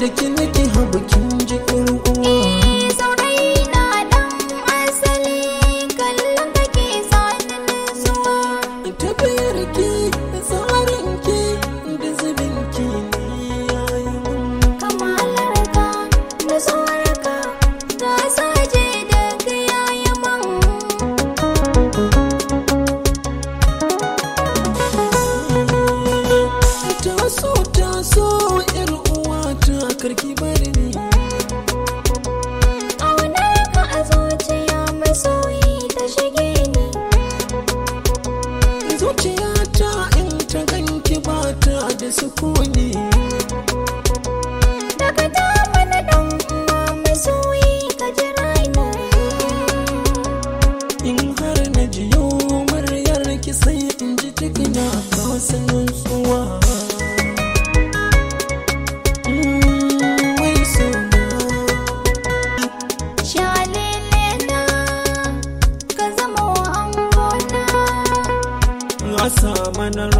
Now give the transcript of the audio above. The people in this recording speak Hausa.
da ki nake habu kin ji ƴar uwa sauraina dan asali kallon da ke sani zuwa tafiyar ki tsarin ki da zubin ki ne yayi mun kamalar ka da tsoron ka da saje da ka yayi mun taso karki bari ni a zuciya masoyi ta shige ni Zuciyata ta in ta ganki bata ta da sukuni daga dama na ɗan masoyi ka jira ni in har na jiyo muryar ki sai in ji cikina ka wasu nutsuwa don't know.